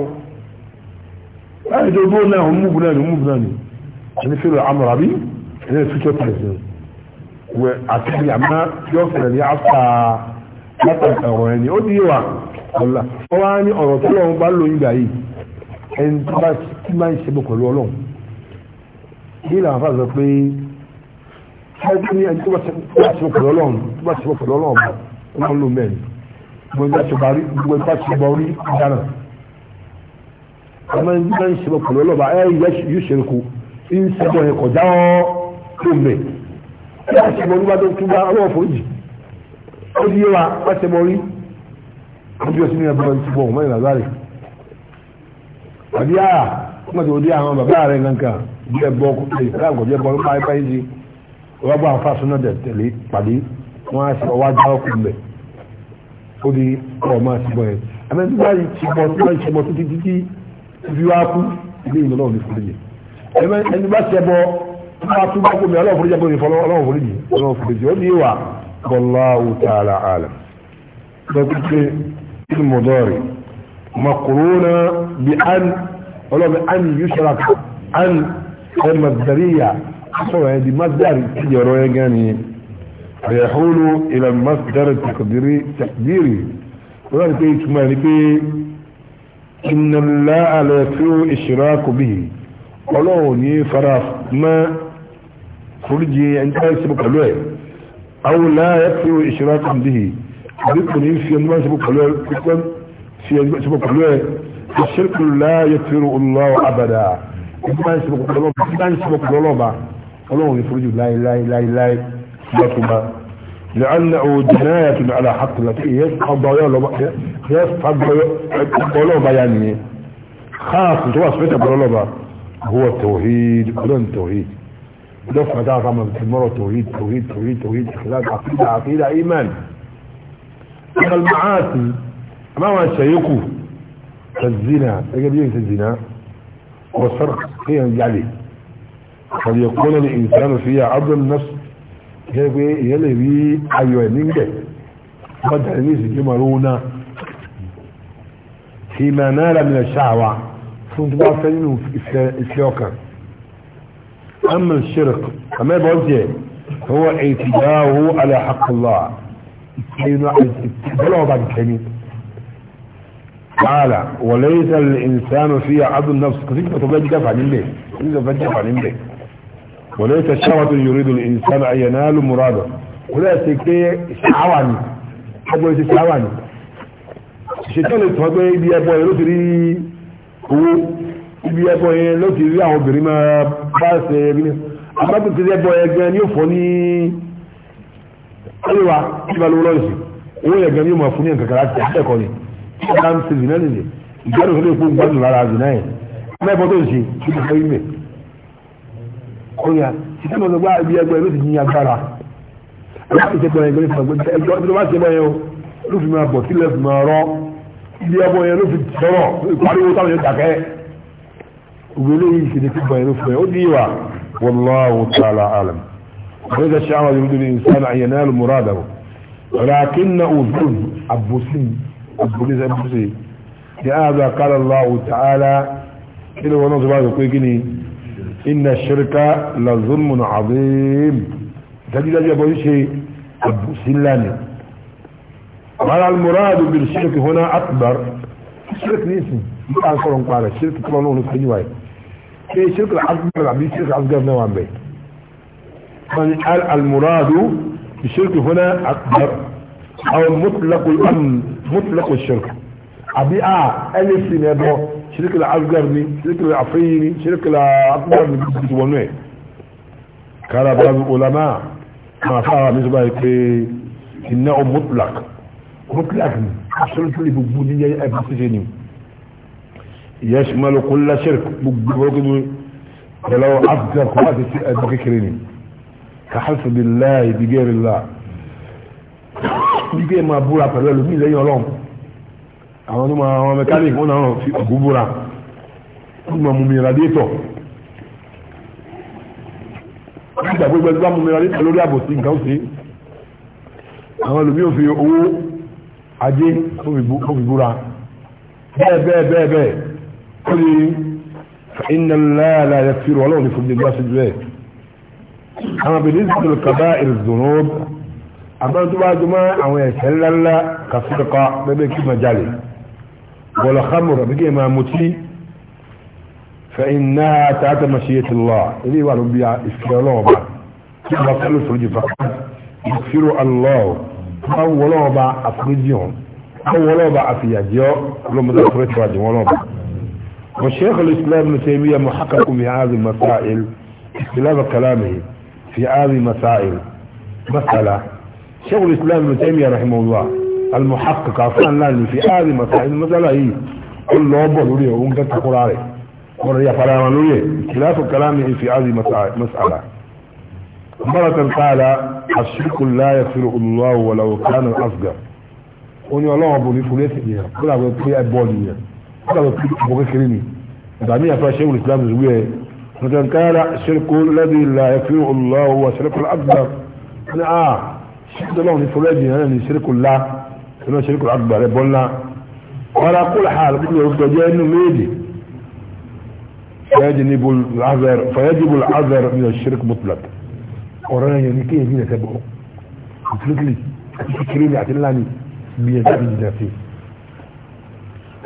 láì tó dúró náà múùbù náà ní múùbù náà ní ẹni fẹ́rẹ̀ amọ̀ràbí ẹni future tense wẹ̀ àtẹ́rì àmọ́ yóò fẹ̀rẹ̀ ní after látàkà ọ̀rọ̀ ẹni ó di wà ọ̀la wọ́n wá ní ọ̀rọ̀ tó lọ́wọ́ bá lóyún gbà yìí ẹni tó bá ti máa ń ṣe bó pẹ̀lú ọlọ́run bí làwọn afá sọ pé káyọ̀tì ní ẹni tó bá ṣe bó pẹ̀lú ọlọ́run tó bá ṣe bó pẹ̀lú ọlọ́run bá wọ́n ń lò mẹ́rin gbogbo ẹgbẹ́ ṣe bá orí dáná ọmọ ẹni tó ń ṣe bó pẹ̀lú ọlọ́run bá ẹ yóò ṣe kú ń ṣe bó ẹ kọjá ọ́ tó mẹ́ ẹ ó di wa pẹ́sẹ̀ mọ́ rí ojú ọ̀sìn ní ẹ̀bọ̀n ti bọ̀ mọ́yìn bàbá rẹ̀ àbí àà wọ́n ti wọ́n di àwọn bàbá rẹ̀ nǹkan bí ẹ̀bọ̀ láǹkọ̀ bí ẹ̀bọ̀ nípa ipa yìí wọ́n bá àfa súná tẹ̀lé pàdé wọ́n á ṣe ọwọ́ ajá ọkùn bẹ̀ ó di ọ̀ máa ti bọ̀ yẹn àmì tí wọ́n ti bọ̀ tí wọ́n ti bọ̀ títí títí fi wá kú ilé ìlú náà ní fúlẹ̀ yẹn ẹni bá ṣẹ bọ́ wọ́n á tún bá kó mi ọlọ́run fúlẹ̀ jẹ́ والله تعالى عالم ذلك المضارع مقرونة بأن ولا بأن يشرك أن المصدرية أصلا هذه يعني مصدر يروي يعني فيحول إلى المصدر التقديري تقديري ولذلك يتمنى به إن الله لا يسوء إشراك به ولو ني فراف ما فرجي أنت سبق له أو لا يكفي إشراكا به يكون في أنواع سبق له الشرك لا يكفر الله أبدا إما سبق له إما سبق الله يفرج لا لا لا لا لأنه جناية على حق التي يفقد يفقد يعني خاص هو التوحيد قلوب التوحيد دفعة ده رمى بتمره توحيد توحيد توحيد توحيد خلال عقيدة عقيدة ايمان اما المعاصي امام الشيكو كالزنا يجب يجب الزنا والسرق هي يعني قد يكون الانسان فيها عبد النفس يلي بي حيوانين ده بدأ الناس يجمعونا فيما نال من الشعوة كنت بعرف انه في اسلوكا أما الشرك أما بوجه إيه؟ هو اعتداه على حق الله بلغ بعد الحين تعالى وليس الإنسان فيه عبد النفس كثيرا تبدأ دفع لله تبدأ دفع لله وليس الشهوة يريد الإنسان أن ينال مراده ولا سيكي شعواني حبوا يسي شعواني الشيطان يتفضل يبيع أبو يلوتري هو ibi ẹbọ yẹn ló ti rí àwọn obìnrin máa bá ṣe ẹbí náà àbábò ti ẹbọ yẹn gan ni ó fọ ní ẹlẹ́wà ìbálòwò lọ́ọ̀sì owó yẹn gan ni ó máa fún ní nǹkan kan láti àtẹ́kọ̀ọ́ ni ìgbà ń ṣe zìnà nìyẹn ìgbàdùn tó lè kó gbádùn lára zìnà yẹn mẹ́bọ tó ń ṣe kí ló fẹ́ ibẹ̀ ọ̀yà títí mo sọ pé ah, ibi ẹgbẹ́ ló ti ní agbára láti ṣe pẹ̀lú ìgbẹ́lẹ́ fún ẹgbẹ́ tó bá ṣe bọ́ yẹn o ló fi máa bọ̀ sílẹ̀ fi máa rọ́ ibi ẹbọ yẹn ló fi sọ̀rọ̀ ìpariwo táwọn yẹn dàkẹ́ وليه كده كبا ينفع وديوا والله تعالى عالم وإذا الشعوى يريد الإنسان أن ينال مراده ولكن ابو سن ابو أبوسين ابو سن لهذا قال الله تعالى إنه ونظر بعض الكويكيني إن الشرك لظلم عظيم تجد شيء ابو سن لاني قال المراد بالشرك هنا أكبر الشرك ليس ما أقول قال الشرك كما نقول في ṣe ṣírkù asgar àbí ṣírkù asgar náà wà bẹ́ẹ̀ wọ́n ni al-muradu ṣírkù huna akbar àwọn mutlaqul amn mutlaqul ṣírkù àbí a ẹni sì ní ẹbọ ṣírkù asgar ni ṣírkù àfẹ́yìn ni ṣírkù akbar ni bí wọ́n náà kára bá ulama máa fáwọn àmì sọ́bàá pé iná mutlaq mutlaq ni absolutely gbogbo ní ẹbí ṣíṣe ni. يشمل كل شرك ولو أفضل قوات الذكرين كحلف بالله بغير الله بيجي ما بورا pẹ̀lú mi lẹ́yìn Ọlọ́run àwọn ọmọ àwọn mẹkáníkì wọn náà fi ògùn búra wọn máa mú mi radiétọ̀ wọn gbàgbé gbẹgbẹ bá mú mi radiétọ̀ lórí àbòsí nǹkan ṣe àwọn ẹlòmíì ò fi owó ajé ó fi bẹ́ẹ̀ bẹ́ẹ̀ bẹ́ẹ̀ bẹ́ẹ̀ قل فإن الله لا يغفر ولو لفضل الله سجوه أما بالنسبة للكبائر الذنوب أما دعا دماء أو يسهل الله كفرقة ببكي مجالي ولا خمر بكي ما متي فإنها تعطى مشيئة الله إلي وربي إسكالوه بعد كما قالوا سجي فقط يغفر الله أولوه بعد أفرجيهم أولوه بعد أفياجيهم لما تفرج واجه ولوه بعد والشيخ الإسلام ابن تيمية محقق في هذه المسائل اختلاف كلامه في هذه المسائل مسألة شيخ الإسلام ابن تيمية رحمه الله المحقق أصلا في هذه المسائل المسألة هي كل لعبه لوريه وممكن تقول عليه وريا فلاما لوريه اختلاف كلامه في هذه المسألة مرة قال الشرك لا يغفر الله ولو كان الأصغر يا الله أبو لي إياه كل أبو لي أبو ọ̀dọ̀ ọ̀bọ̀ kékeré ni ìdàmí àfà ah, ṣe wùlù islam zuwé ẹ̀ nǹkan kára ṣirkú lẹ́bí ilà ẹ̀fí ọlọ́wọ́ wa ṣirkú akbar ní a ṣirkú lọ́wọ́ ní fọlẹ́jì náà ní ṣirkú la ìlú ṣirkú akbar rẹ̀ bọ́nlá wàrà kúlù ha lókè yóò gbẹjẹ inú méjì fayajibul azar min shirk mutlak ọ̀rọ̀ yẹn ni kéèyàn ní ẹ̀sẹ̀ bọ̀ bí ẹ̀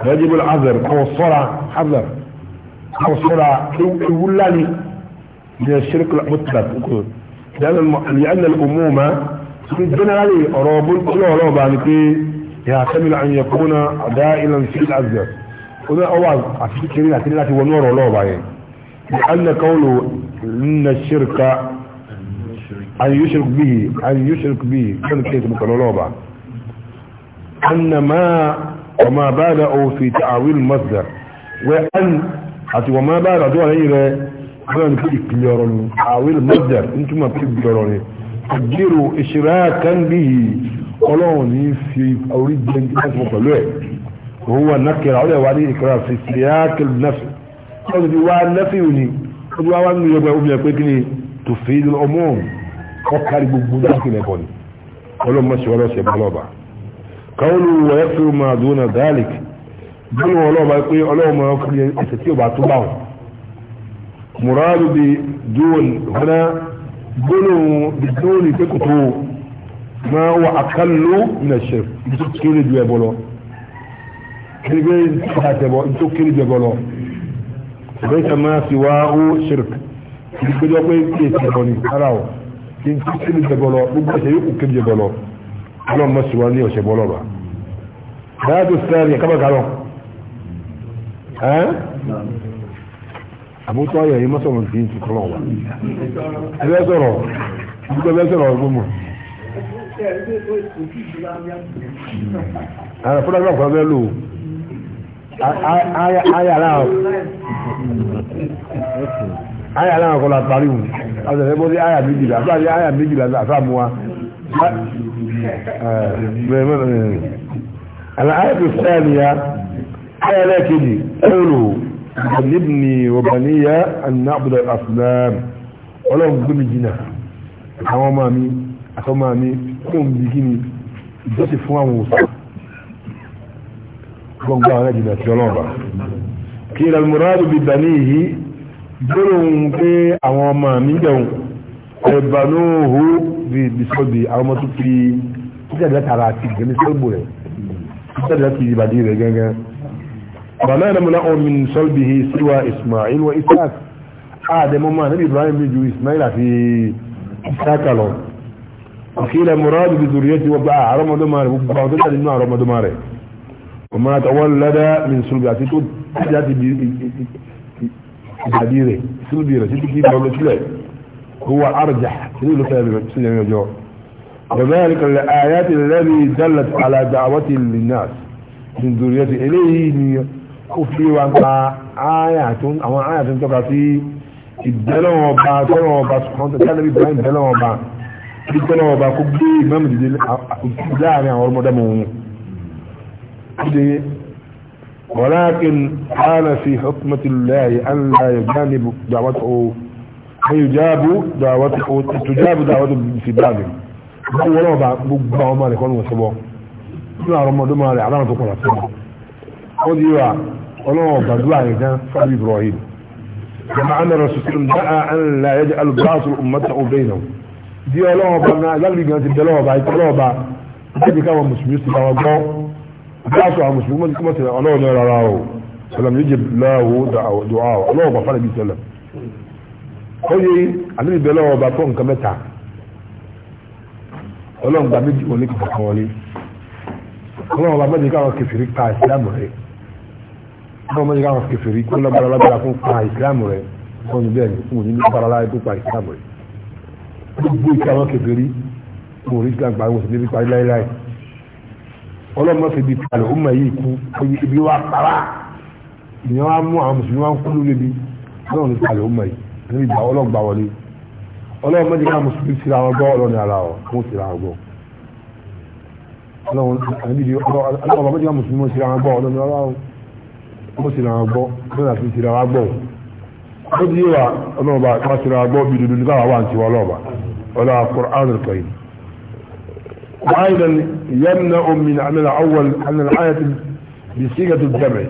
يجب العذر أو الصرع حذر أو الصرع يولاني إيه- إيه من الشرك المطلق لأن لأن الأمومة ربنا لي رب كل رب يعني يحتمل أن يكون دائلا في العذر وده أوعى أفكر لك لك ونور الله يعني لأن قوله إن الشرك أن يشرك به أن يشرك به كان كيف مكان رب أن ما وما بادئوا في تعاويل المصدر وأن حتى وما بادئوا غير أنا نكليرون تعاويل المصدر أنتم ما بتكليرون تجيروا إشراكا به قلوني في أوريد جنتي اسمه قلوه وهو نكر عليه وعليه إكرار في سياق النفس قلت وعن نفيوني قلت وعن يبقى يبقى تفيد العموم وكاري ببودان كنبوني قلوا ما شوالا شبالوبا قوله ويغفر ما دون ذلك بل والله ما يقول الله ما يغفر يستطيع بعض مراد بدون هنا قوله بدون تكتو ما هو أقل من الشرك بتكيني دي بولو كلمة تكاتبو بتكيني دي بولو ليس ما سواه شرك كلمة يقول كيف يقول كيف يقول كيف يقول كيف يقول ọlọ́run mọ̀ sí wa ní ọ̀sẹ̀ bọ́lọ̀ wa báyà tó sẹ́rìn yẹn kábàkà lọ àbútọ ayọ̀ yìí mọ́sọ̀rọ̀ sí ti kọ́lọ̀ wa ẹgbẹ́ sọ̀rọ̀ ẹgbẹ́ bẹ́ sọ̀rọ̀ ọgbọ́n mọ̀ àwọn fúnra náà kọ́ bẹ́ẹ̀ lò ayà aláwọ̀ ayà aláwọ̀ kọ́ la parí wù azẹ̀fẹ́ bọ́ sí ayà méjìlá àbúrò àti ayà méjìlá àfáàmù wa الآية الثانية آية لكن قولوا ابني وبني أن نعبد الأصنام ولو بمي جنا àwọn ọmọ mi àtọmọ mi kún bí kí ni ìjọsìn fún àwọn òsàn gbogbo àwọn ẹ̀jìnà tí ọlọ́ọ̀bà kí ìrànmùrádù bí bàní yìí gbóòrùn pé àwọn ọmọ mi jẹun ẹ̀bànú hù bí bisọ́bì àwọn ọmọ tó fi títẹ̀ lẹ́tà ara àti ìgbẹ́ni sọ́ọ̀bù rẹ̀ títẹ̀ lẹ́tà ìdìbàdì rẹ̀ gẹ́gẹ́ bàmá ẹ̀rọ mọ́nà ọ̀mìn sọ́ọ̀bì síwá Ismail wa Isaac àdẹ̀mọ́ máa níbi Ibrahim bí ju Ismail àti Isaac lọ وقيل مراد بذريته وباع رمض ماره وبعض الناس رمض ماره وما تولد من سلبياته تجاتي بجديره سلبيره سلبيره هو ارجح سلبيره سلبيره وذلك الآيات الذي دلت على دعوة للناس من ذرية إليه أفلي وانقى آيات أو آيات تقاتي الدلوة وبا سلوة وبا سبحانه تعالى بإبراهيم دلوة وبا الدلوة وبا كبدي ممجد الدارع والمدمون ولكن قال في حكمة الله أن لا يجانب دعوته أن يجاب دعوته تجاب دعوته في بابه wọ́n wọ́n bá gbogbo ọmọ rẹ̀ kọ́nù ọ̀sẹ̀bọ̀ nínú àwọn ọmọdé máa rẹ̀ aláwọ̀ tó kọ̀nà sẹ́bọ̀ ó di wa ọlọ́wọ̀n gbàdúrà yìí gan fábí Ibrahim jama ana rasulun da'a an la yaji alubaasu ummata obey na di ọlọ́wọ̀n bá náà lábí gan ti dẹ́lọ́wọ̀ bá ikú ọlọ́wọ̀ bá níbi káwọn mùsùlùmí sì bá wọn gbọ́ gbáàsù àwọn mùsùlùmí mọ́tí kọ́mọ́tì ọlọ́wọ̀n náà rárá o sọlọm yìí jẹ láwo dùn àwọn ọlọ́wọ̀n bá fára bí sọlọm ó yẹ àníbi bẹ́lọ́wọ̀ bá tó nǹkan mẹ́ta ọlọ́run gba méjì wọlé kọ̀ọ̀kan wọlé ọlọ́run ọba méjì káwọn kẹfìrí pa ìsìlámù rẹ̀ ọlọ́run méjì káwọn kẹfìrí kó lọ́gbàrá lágbára fún pa ìsìlámù rẹ̀ wọ́n ní bẹ́ẹ̀ ni fún òní lọ́gbàrá láyé tó pa ìsìlámù rẹ̀ gbogbo ìka wọn kẹfìrí mo rí islam parí mo sì níbi parí láéláé ọlọ́run mọ́sẹ̀ bíi palẹ̀ ó mọ̀ yìí kú ibi wa para ìyẹn wa mú àwọn mùsùlùmí wa ń kú lórí ibi ọlọ́run ní palẹ̀ ó mọ̀ yìí ọlọ́run mọ́jì ká mùsùlùmí sí àwọn gbọ́ ọlọ́run ní ara ọ̀ mú sí àwọn gbọ́ ọlọ́run mọ́jì ká mùsùlùmí sí àwọn gbọ́ ọlọ́run ní ara ọ̀ mú sí àwọn gbọ́ ọlọ́run àti sí àwọn gbọ́ ó di yíwa ọlọ́run bá ká sí àwọn gbọ́ bí dundun nígbà wà ní tiwa ọlọ́run bá ọlọ́run Al-Qur'an al وأيضا يمنع من عمل أول أن الآية بصيغة الجمع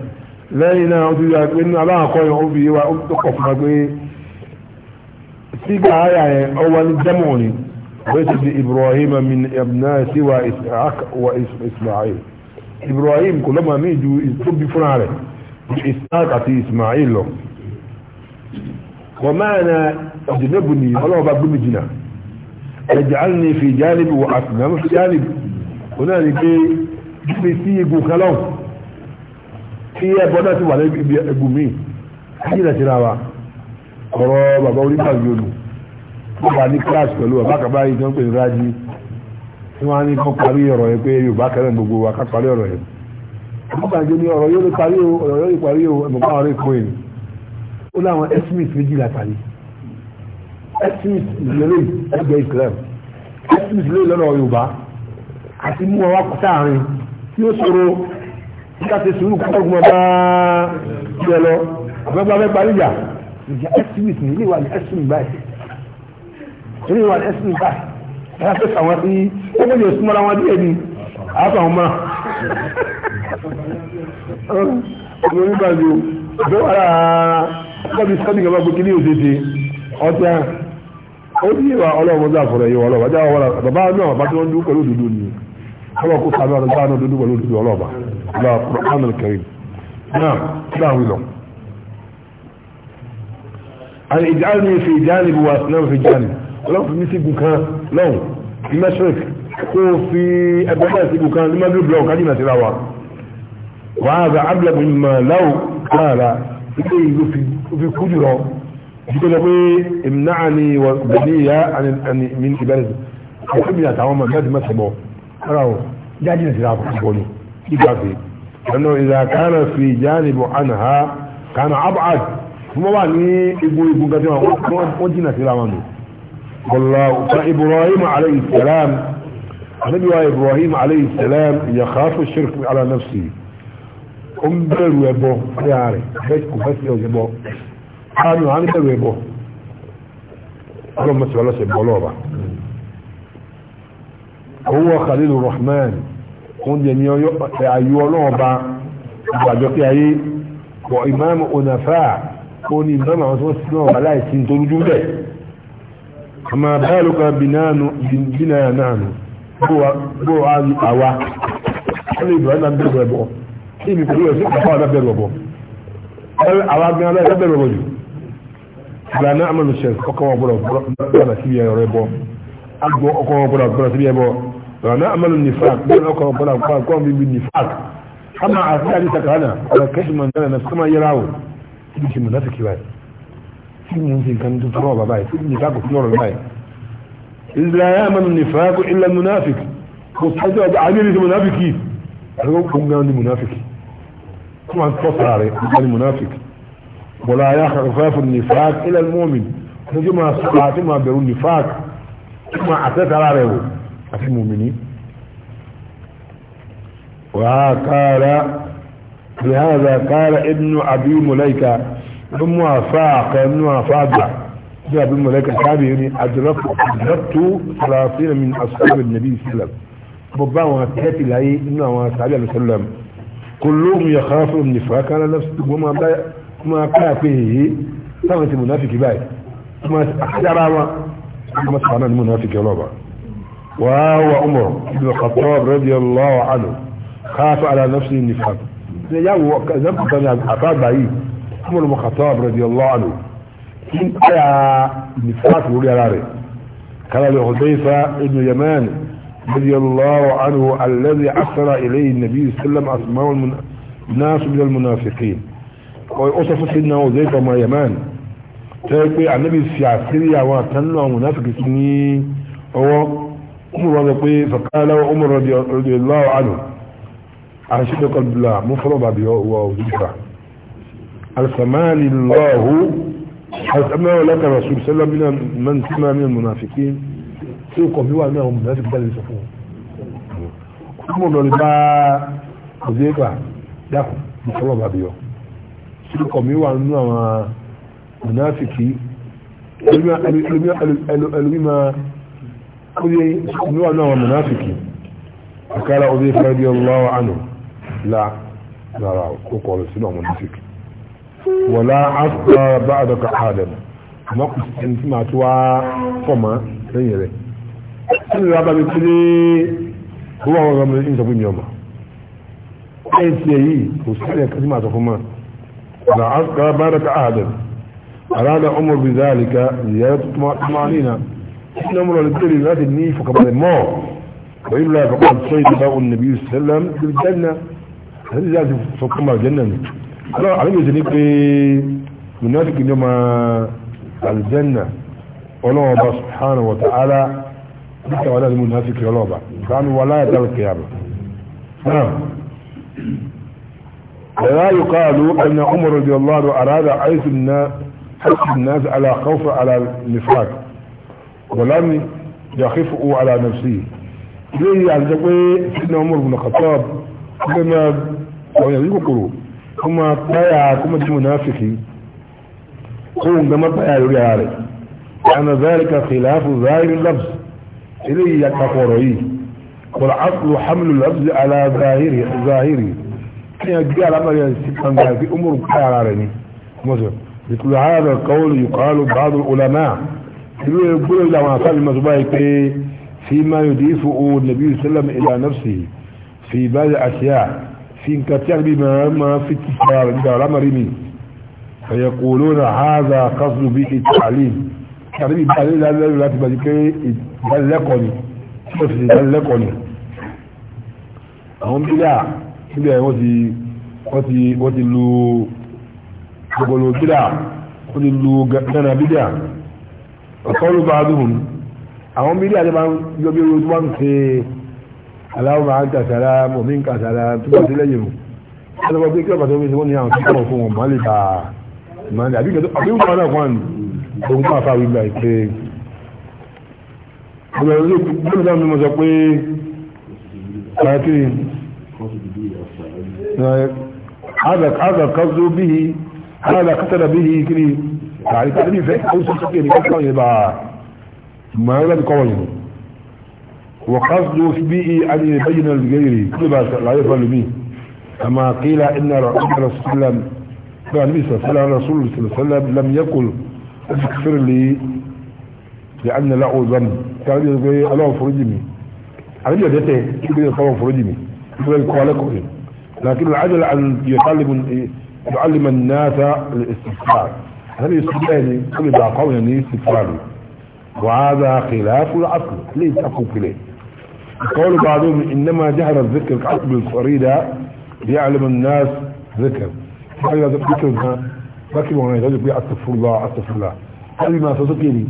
لا ينادي أن الله قوي أبي وأبقى فقوي sígbà àyà yẹn ọwọ́ ní jẹ́mọ̀ ni bẹ́ẹ̀ ti ibrahim min abnasi wa isaac wa ismail ibrahim kò lọ́mọ mi ju tóbi fúnra rẹ̀ isaac àti ismail lọ. wọ́n máa na ọ̀dùnẹ́bù ni ọlọ́wọ́ bá gbómi jìnnà ẹ̀jẹ̀ fi jálìbì wọ àtùnámù fi jálìbì wọn náà ní pé gbé sí egun kan ti wà ní mi kí ni ìdájọ́ náà wa ọ̀rọ̀ bàbá onígbàgbé olù wọ́n bá ní kíláàsì pẹ̀lú ọ̀bá kaba yìí tó ń pè ní rájí tí wọ́n á ní kó parí ọ̀rọ̀ yẹn pé yorùbá kẹrẹ́ gbogbo wa ká parí ọ̀rọ̀ yẹn wọ́n gbàgbé ní ọ̀rọ̀ yóò lè parí o ọ̀rọ̀ yóò lè parí o ẹ̀mọ̀ bá ọ̀rẹ́ kó yẹn ó láwọn esmith méjìlá parí esmith lélẹ̀ ẹgbẹ́ islam esmith lélẹ̀ lọ́rọ̀ yorùbá àti mú ọwọ́ sáàrin tí ó ṣòro nígbà sùúrù kọ́kọ́ bá tiẹ̀ lọ torí wà ẹ̀sìn nípa ẹ̀yà pé sàwọn sí ó mú yóò súnmọ́ra wọn díẹ̀ ni àtọ̀ ọmọ ọmọ nígbà tó ọjọ́ wà láàá ọjọ́ bí sọ́dí kan bá gbé kíní òṣèṣe ọjà ó ní ìwà ọlọ́run dà fọ̀rọ̀ yìí ọlọ́run ajá wọn bàbá náà bá tí wọ́n dúró pẹ̀lú òdodo ni ọlọ́run kó sàmì ọ̀rọ̀ sáà náà pẹ̀lú òdodo ọlọ́ọ̀bà ọlọ́run kọ́ kẹrin náà kí láwọn ìlọ عن اجعلني في جانب واصنام في جانب ọlọ́run fi mí sí igun kan lọ́hùn ní metric kó o fi ẹgbẹ́ náà sí igun kan ní madrid block kájú náà síra wa wàá gba abdulabu mọ̀ láwù káàrà ilé ìlú fi kú jùlọ jíjẹ́ lọ pé ìmìnáà ni wọ́n gbẹ̀dẹ̀ ìyá àni mi ìbẹ̀rẹ̀ ọ̀pẹ́ mi àtàwọn ọmọ ìgbà tí mọ̀ sọ̀bọ̀ ara o jáde ní síra àkọ́kọ́ ni ìgbà fi ẹnu ìlà kánà fi jáde bọ̀ àná ha kánà abad fún wọn wà ní egbò egbò gàdé wọn wọn jìnnà síra wọn nù والله فإبراهيم عليه السلام النبي إبراهيم عليه السلام يخاف الشرك على نفسه أمبر ويبو يعني بيت كفتي ويبو قالوا عن بيت ويبو اللهم سبحانه سبحانه هو خليل الرحمن قل جميع أيوانه با وعجوك أيه وإمام أنفاع قل إمام عثمان سنوه ولا يسين تلو جمده kama baluka binanu bina nanu bo awa na bẹ̀rẹ̀ bọ na awa gan ala la bẹ̀rẹ̀ bọ jù ìlànà amadu sẹ bo wọn bọrọ bọrọ síbi ẹrọ bọ agbọ ọkọ bo bọrọ bọrọ síbi ẹbọ ìlànà amadu nifak bẹ́ẹ̀ ọkọ wọn bọrọ bo kọ bíbi nifak kama àti àti sàkàrà náà ọ̀rọ̀ kẹsìmọ̀ nígbà náà kama yẹra o ibi kìmọ̀ لا يأمن النفاق إلا المنافق وصحيح ده عميل المنافقي أنا قلت كم قلت منافقي كم أنت تفصل عليه قلت منافق ولا يأخذ خفاف النفاق إلا المؤمن هذا ما صحيح ما بيرون النفاق كم أعطيت على عليه أفهم المؤمنين وقال لهذا قال ابن أبي ملايكة ثم فاق جاء بالملائكة الكابرين أدركت أدركت ثلاثين من أصحاب النبي صلى الله عليه وسلم بابا وهاتي لأي إنه وهاتي عليه وسلم كلهم يخافوا من النفاق على نفسه وما ما كافيه ثمة منافق باي ما أحجر ما ما سبحان المنافق يا ربا وهو عمر بن الخطاب رضي الله عنه خاف على نفسه النفاق يا هو كذب كان عقاب بعيد عمر بن الخطاب رضي الله عنه كان آية نفاق لوري على قال لحذيفة ابن يمان رضي الله عنه الذي أسر إليه النبي صلى الله عليه وسلم أسماء الناس من المنافقين وأصف سيدنا حذيفة ما يمان تقول النبي السياسي وكان منافق سني هو عمر فقال عمر رضي الله عنه أشهد قلب الله مفرد بها وحذيفة السماني الله أسألنا لك رسول صلى الله عليه وسلم من سمى من المنافقين سيقوا بيوا أنهم منافق دل يسفون كم من نلبا وزيقا داخل بصلاة بابيو سيقوا بيوا أنهم منافقين ألوما سيقوا أنهم منافقين فقال أبيك رضي الله عنه لا لا لا أقول سنة منافقين wọ̀lá asọ́ bá àdọ́kọ̀ àdàn àmọ́ kò sí ẹni tí màá tó wá fọ̀mọ́ lẹ́yìn rẹ̀ tí ìlú abájọ tí ní owó àwọn ọmọ mi ń sọ fún mi ọmọ ẹ̀yìn tí èyí kò sí ẹni tí màá sọ fún mọ́ wọ̀lá asọ́ bá àdọ́kọ̀ àdàn àrádà ọmọ bí záàlìkà ìyára tó tó máa nínà tí ní ọmọ وإلا فقد صيد باء النبي صلى الله عليه وسلم في بالجنة هذه ذات فقمة جنة àwọn àlejò ní pé mùnáfíkì ní ọmọ aljanna ọlọ́wọ́ bá subhanahu wa ta'ala níta wà láti mùnáfíkì ọlọ́wọ́ bá sánú wà láyé tàbí kìyàmù náà ẹ̀rá yóò káàlù ẹ̀nà umar radiyallahu anhu arada aisu na hasu nas ala khawfa ala nifaq wàlámi yakifu ala nafsi ilé yìí àti jẹ́ pé sinna umar bin khattab ọmọ ẹ̀yà yìí kòkòrò kuma baya kuma ji munafiki kowun gama baya lórí ara rẹ̀ yana zarika khilafu zahirin labs ilé ya kakọrọ wal aslu hamlu lafz ala zahiri zahiri kan ya gbé alamari yanzu kan gafi umar kai ara rẹ̀ ni musu bikulu hada qawl yuqalu ba'd al ulama ilé yuqulu la ma wọn mazbai ke fi ma yudifu nabi sallam ila nafsihi fi ba'd ashiya' في انكتير بما ما في التسار عند الامر فيقولون هذا قصد به التعليم كريم بالي لا لا لا تبجي دلقني كيف دلقني هم بلا بلا ودي ودي ودي لو بقولوا بلا ودي لو غنا بلا وقالوا بعضهم هم بلا اللي ما يبيعوا وانت aláwọ̀ máa ń kàṣàrà mọ̀ mí ń kàṣàrà tó bá sílẹ̀ yìí mú alọ́wọ́ pé kí ọ̀pàá tó fi wọ́n ní àwọn tó kọ̀ fún wọn má lè bá má lè àbí kẹtọ́ àbí wọn náà kàn òun kọ́ àfáà wíwá ìpè ọmọ ìlú gbọ́dọ̀ sáà mímọ sọ pé kàkiri هذا قصد به هذا قتل به كري يعني تعريف هيك او سكري كان يبقى ما ولد قوي وقصد به أن يبين لغيره كل لا يفعل به كما قيل إن رسول الله صلى الله عليه وسلم لم يقل اغفر لي لأن له ذنب كان يقول الله فرجني على جدته يقول الله إيه. فرجني يقول لكن العجل أن يطلب يعلم الناس الاستغفار هل يستطيعني كل ذا قول يعني وهذا خلاف العقل ليس أقوم إليه قول بعضهم إنما جهل الذكر كعصب الفريدة ليعلم الناس ذكر هل هذا الذكر ذكر وانا يتجب بي أستغفر الله أستغفر الله هل ما تذكري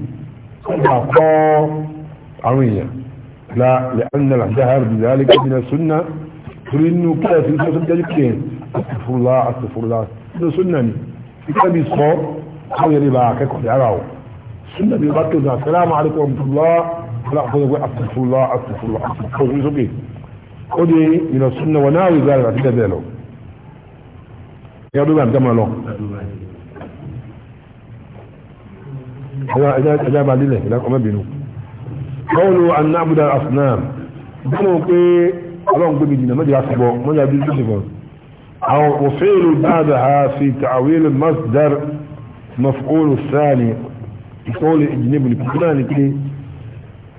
أعطاء عمية لا لأن الجهر بذلك من السنة ترينه كده في سنة تجبكين أستغفر الله أستغفر الله هذا سنة كده بيصور حول يريبا كده يرعو سنة بيبكر السلام عليكم ورحمة الله فلأخذ أستغفر الله أستغفر الله أستغفر الله ودي من السنة وناوي ذلك عتيدة ذلك يا دوبان كما لو إذا إذا ما لله إذا ما بينه قولوا أن نعبد الأصنام بنو كي ألون كي جينا ما جاء سبوا ما جاء بيجي سبوا أو وفعل بعدها في تعويل المصدر مفعول الثاني يقول اجنبني كلاني كي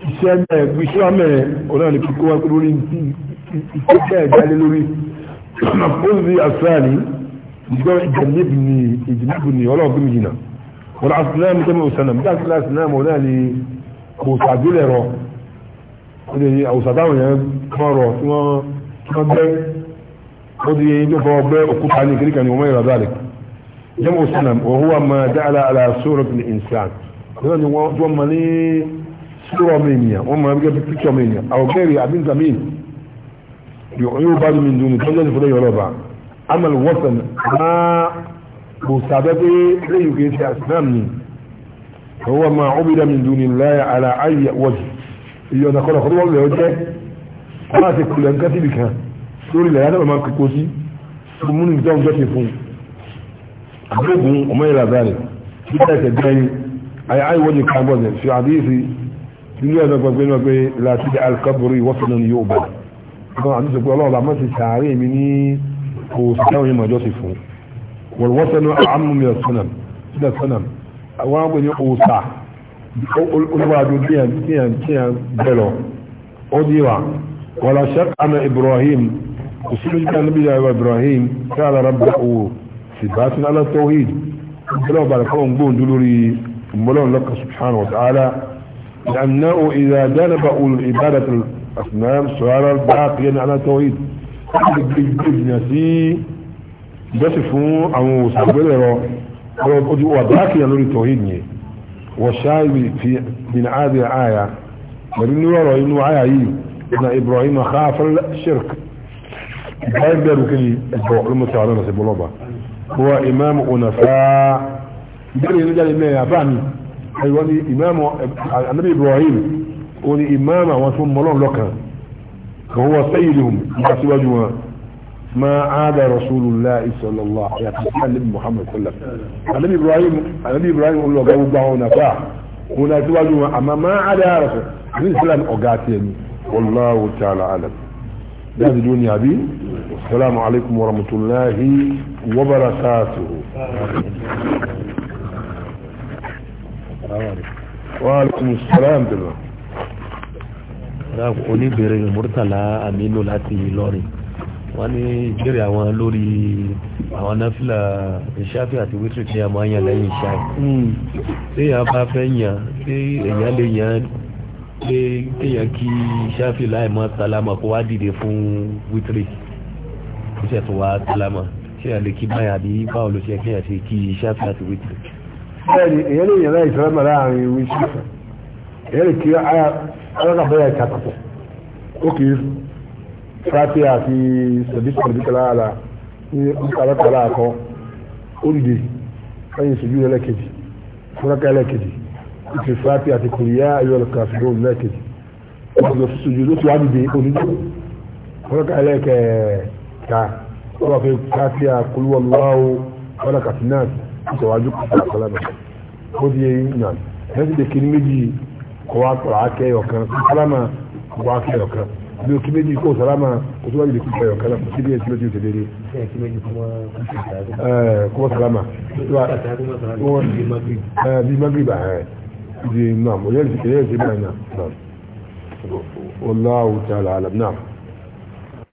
iṣẹ́ ẹgbẹ́ iṣẹ́ ọmọ ẹ̀ ọ̀nà ní kíkọ́ wá pé lórí iṣẹ́ ẹ̀gbálé lórí ọ̀nàpọ̀lì àṣàní ìjọ ìjẹ̀lẹ́bì ni ìjìnlẹ́bì ni ọlọ́ọ̀gbìn mi jìnà wọn àṣìláàmù tẹ́mẹ̀ òṣànà bí àṣìláàmù ọ̀nà ni kò sàdúlẹ̀ rọ ọdẹ àwòsàdáwọn yẹn kọ́ rọ tí wọ́n gbẹ́ ó di ẹyin tó fọ́ gbẹ́ òkúta ní kíríkà ni wọ́n mọ̀ ìrọ̀dá rẹ̀ jẹ́mọ̀ òṣànà wọ́n wà máa dáadáa àlàsóòrò sura ọmọ ènìyàn wọ́n máa gẹ́gẹ́ píkì ọmọ ènìyàn àwọ̀gẹ́rì abinzamin yóò bá mi dùn ní tọ́jú ẹni fúnlẹ̀ yọrọ bá amal wọ́sàn máa kò sábẹ́ pé lẹ́yìn kìí ṣe islam ni wọ́n máa ó bí dá mi dùn ní láyà ara ayé wọ́jì iye ọ̀nà kọ́nà kọ́nà wọ́n lè jẹ́ wọ́n á ti kulẹ̀ nǹkan síbi kan lórí ilẹ̀ yàtọ̀ máa kíkó sí fún múni ìjọ ń jọ́sìn fún àbúrò ògùn ọmọ ìlàbẹ̀rẹ̀ bí ilé ọ̀nà gbogbo ẹni pé láti dé alikaburi wọ́pẹ̀lú ni yóò bẹ̀rẹ̀ ọkàn àti sọ pé ọlọ́run bá mọ̀sí sàárè mi ní kò sáwọn yẹn mọ̀jọ́ sí fún wọ́n wọ́n sẹ́nu amúmíọ̀ sọ́nà sọ́nà àwọn àgbẹ̀ ní òòsà olùwàdó tíyàn tíyàn tíyàn bẹ́ẹ̀ lọ ó di wa wọ́lá sẹ́k àná ibrahim kò sí lójú kan níbi ìyàwó ibrahim kí ala rabba owó sì bá tún ala tawhid ìgbẹ́lẹ̀ ọ̀bàrẹ̀ kọ́ لأنه إذا جانب عبادة الأصنام صار باقيا يعني على التوحيد بجبنا سي أو فون أو سبيلة وباقيا يعني التوحيد والشاهد في من هذه الآية ولن يرى إنه آية إن إبراهيم خاف الشرك لا يقدر كي يتبوح نسيب الله هو إمام أنفاء يقول لي نجال يا أفاني ẹ̀wọ́n ni ìmáàmù anábì ibrahim ó ní ìmáàmù àwọn tó mọ́lọ́n lọ́kàn kò wọ́n sẹ́yìn lòun nígbà síwájú wọn ma aada rasulullah sallallahu alaihi wa sallam nabi muhammad sallam anábì ibrahim anábì ibrahim ń lọ gbọ́ gbogbo àwọn nàfà òun náà síwájú wọn àmà ma aada rasul anábì islam ọ̀gá tiẹ̀ ni wallahu ta'ala alam dáàbì dúró ní àbí assalamu alaikum wa wa alaikum salam dèlà. oníbèrè murtala aminu láti ìlọrin wọ́n ní ìbéèrè àwọn lórí àwọn náfìlà ìṣáfì àti wítìrì tí a máa ń yàn lẹ́yìn ìṣáì. Hmm. tí èèyàn bá fẹ́ yàn tí èèyàn lè yàn pé kéèyàn kí ìṣáfì láì mọ́ sálámà kó wá dìde fún wítìrì iṣẹ́ tó wá sálámà ṣé èèyàn lè kí báyà bí báwo ló ṣe bẹ́ẹ̀ni èyàn a yàn láì sọ́lọ́mà láàrin ìwé ṣíṣàn èyàn lè kí alákàfẹ́yà ìtàkùtù ó kì í fàtí àti sọ̀dísọ̀dísọ̀lá àlà ní ìkàlọ́kàlá àkọ́ olùdè lẹ́yìn ìṣojú lẹ́lẹ́kejì fúnraká lẹ́kejì ìfẹ́ fàtí àti kòríyá ayọ́lọ́kà ṣùgbọ́n lẹ́kejì ọ̀gbọ̀n ṣojú ló ti wá dìde olùdè fúnraká lẹ́kẹ̀ẹ́ta wọ́n wá ìtọ̀wájú kọ̀ọ̀kọ̀lẹ́bẹ̀ ó di eyín náà lẹ́sìn lè kiri méjì kọ́ wa pàrọ̀ akẹ́ ọ̀kan sálámà kọ́ wa akẹ́ ọ̀kan bí o kí méjì kó sálámà kó tó wájú lè kí ọ̀kan ọ̀kan náà kí bí ẹ̀sìn méjì o ti dé dé. kọ́ sálámà bí magriba ẹ̀ di náà mo yẹ́ ẹ̀sìn méjì náà náà wọ́n láwùjá làálàm náà.